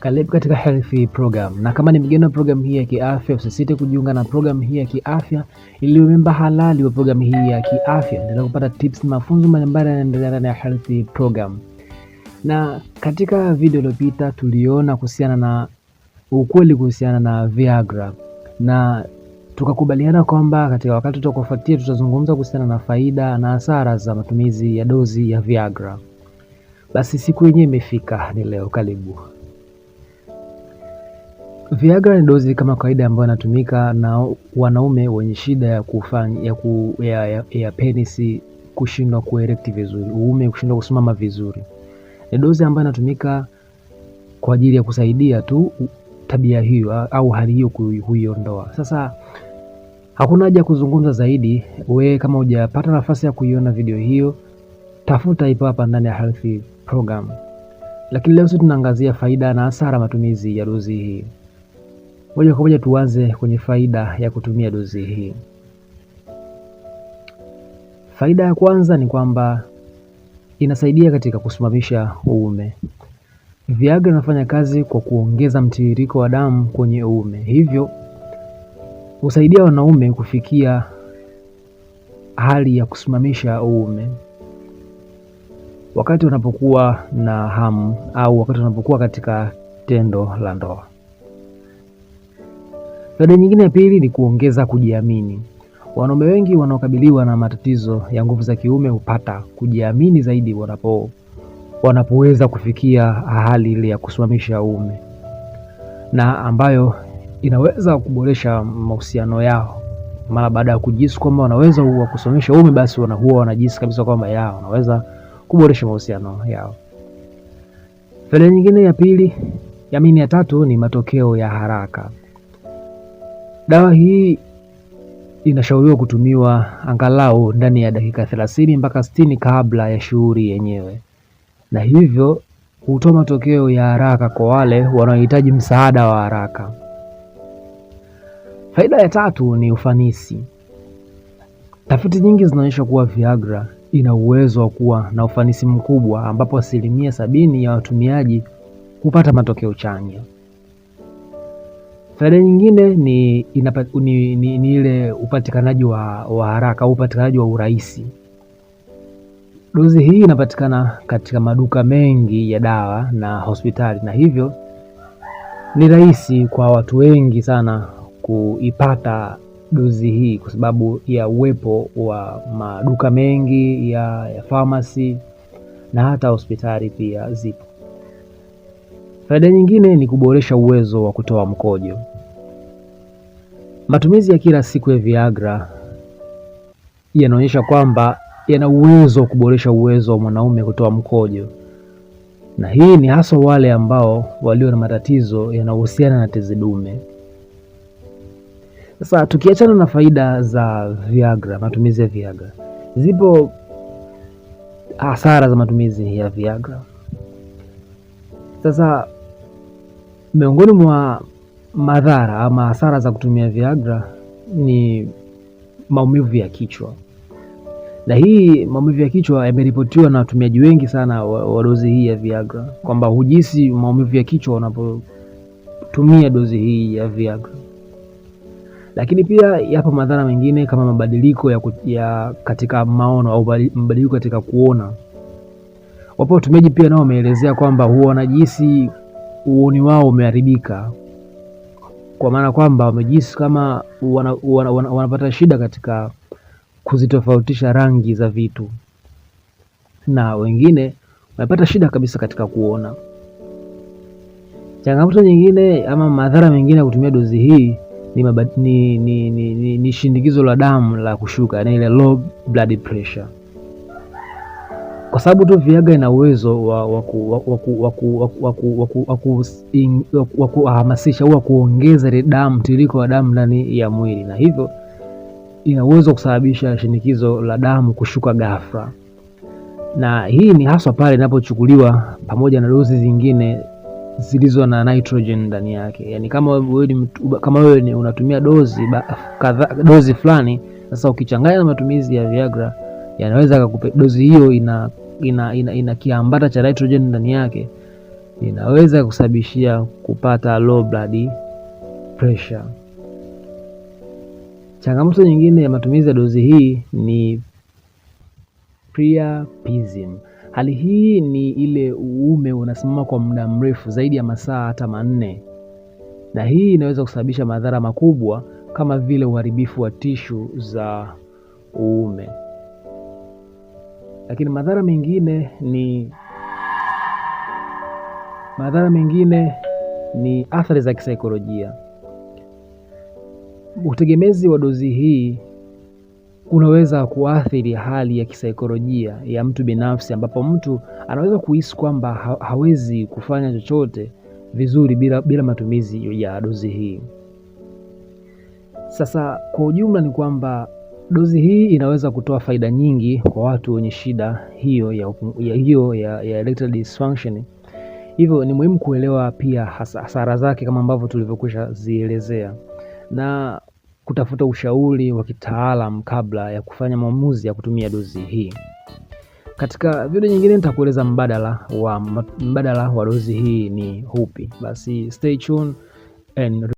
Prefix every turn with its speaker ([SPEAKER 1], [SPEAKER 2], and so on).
[SPEAKER 1] Karibu katika Health Program, na kama ni mgeni wa programu hii ya kiafya, usisite kujiunga na programu hii ya kiafya ili memba halali wa programu hii ya kiafya. Endelea kupata tips na mafunzo mbalimbali yanaendelea ndani ya Health Program. Na katika video iliyopita tuliona kuhusiana na ukweli kuhusiana na Viagra na tukakubaliana kwamba katika wakati tutakofuatia tutazungumza kuhusiana na faida na hasara za matumizi ya dozi ya Viagra. Basi siku yenyewe imefika, ni leo. Karibu. Viagra ni dozi kama kawaida ambayo inatumika na wanaume wenye shida ya kufanya ya, ku, ya, ya, ya penisi kushindwa kuerekti vizuri, uume kushindwa kusimama vizuri. Ni dozi ambayo inatumika kwa ajili ya kusaidia tu tabia hiyo au hali hiyo kuiondoa. Sasa hakuna haja ya kuzungumza zaidi. We kama hujapata nafasi ya kuiona video hiyo, tafuta ipo hapa ndani ya Health Program. Lakini leo sisi tunaangazia faida na hasara matumizi ya dozi hii. Moja kwa moja tuanze kwenye faida ya kutumia dozi hii. Faida ya kwanza ni kwamba inasaidia katika kusimamisha uume. Viagra inafanya kazi kwa kuongeza mtiririko wa damu kwenye uume, hivyo husaidia wanaume kufikia hali ya kusimamisha uume wakati wanapokuwa na hamu au wakati wanapokuwa katika tendo la ndoa. Faida nyingine ya pili ni kuongeza kujiamini. Wanaume wengi wanaokabiliwa na matatizo ya nguvu za kiume hupata kujiamini zaidi wanapo wanapoweza kufikia hali ile ya kusimamisha uume na ambayo inaweza kuboresha mahusiano yao. Mara baada ya kujisikia kwamba wanaweza huwa kusimamisha uume, basi huwa wanajisikia kabisa kwamba yao wanaweza kuboresha mahusiano yao. Faida nyingine ya pili ya mini ya tatu ni matokeo ya haraka. Dawa hii inashauriwa kutumiwa angalau ndani ya dakika 30 mpaka 60 kabla ya shughuli yenyewe, na hivyo hutoa matokeo ya haraka kwa wale wanaohitaji msaada wa haraka. Faida ya tatu ni ufanisi. Tafiti nyingi zinaonyesha kuwa Viagra ina uwezo wa kuwa na ufanisi mkubwa ambapo asilimia sabini ya watumiaji hupata matokeo chanya. Faida nyingine ni, inapa, ni, ni, ni ile upatikanaji wa, wa haraka au upatikanaji wa urahisi. Dozi hii inapatikana katika maduka mengi ya dawa na hospitali, na hivyo ni rahisi kwa watu wengi sana kuipata dozi hii kwa sababu ya uwepo wa maduka mengi ya, ya pharmacy na hata hospitali pia zipo. Faida nyingine ni kuboresha uwezo wa kutoa mkojo. Matumizi ya kila siku ya Viagra yanaonyesha kwamba yana uwezo wa kuboresha uwezo wa mwanaume kutoa mkojo, na hii ni haswa wale ambao walio na matatizo yanayohusiana na tezi dume. Sasa tukiachana na faida za Viagra, matumizi ya Viagra, zipo hasara za matumizi ya Viagra. Sasa Miongoni mwa madhara ama hasara za kutumia Viagra ni maumivu ya kichwa, na hii maumivu ya kichwa yameripotiwa na watumiaji wengi sana wa dozi hii ya Viagra kwamba hujisi maumivu ya kichwa wanapotumia dozi hii ya Viagra. Lakini pia yapo madhara mengine kama mabadiliko ya, ya katika maono au mabadiliko katika kuona. Wapo watumiaji pia nao wameelezea kwamba huwa wanajisi uoni wao umeharibika, kwa maana kwamba wamejihisi kama wana, wana, wana, wanapata shida katika kuzitofautisha rangi za vitu, na wengine wamepata shida kabisa katika kuona. Changamoto nyingine ama madhara mengine ya kutumia dozi hii ni, ni, ni, ni, ni, ni shindikizo la damu la kushuka, yaani ile low blood pressure kwa sababu tu Viaga ina uwezo wa kuhamasisha au kuongeza ile damu, tiriko wa damu ndani ya mwili, na hivyo ina uwezo kusababisha shinikizo la damu kushuka ghafla, na hii ni haswa pale inapochukuliwa pamoja na dozi zingine zilizo na nitrogen ndani yake. Yani kama wewe kama wewe unatumia dozi dozi fulani, sasa ukichanganya na matumizi ya Viagra yanaweza dozi hiyo ina ina, ina, ina kiambata cha nitrogen ndani yake inaweza kusababishia kupata low blood pressure. Changamoto nyingine ya matumizi ya dozi hii ni priapism. Hali hii ni ile uume unasimama kwa muda mrefu zaidi ya masaa hata manne, na hii inaweza kusababisha madhara makubwa kama vile uharibifu wa tishu za uume. Lakini madhara mengine ni madhara mengine ni athari za kisaikolojia. Utegemezi wa dozi hii unaweza kuathiri hali ya kisaikolojia ya mtu binafsi, ambapo mtu anaweza kuhisi kwamba hawezi kufanya chochote vizuri bila, bila matumizi ya dozi hii. Sasa kwa ujumla ni kwamba Dozi hii inaweza kutoa faida nyingi kwa watu wenye shida hiyo ya, ya, hiyo ya, ya erectile dysfunction. Hivyo ni muhimu kuelewa pia hasara zake kama ambavyo tulivyokwisha zielezea na kutafuta ushauri wa kitaalam kabla ya kufanya maamuzi ya kutumia dozi hii. Katika video nyingine nitakueleza mbadala wa mbadala wa dozi hii ni upi. Basi stay tuned and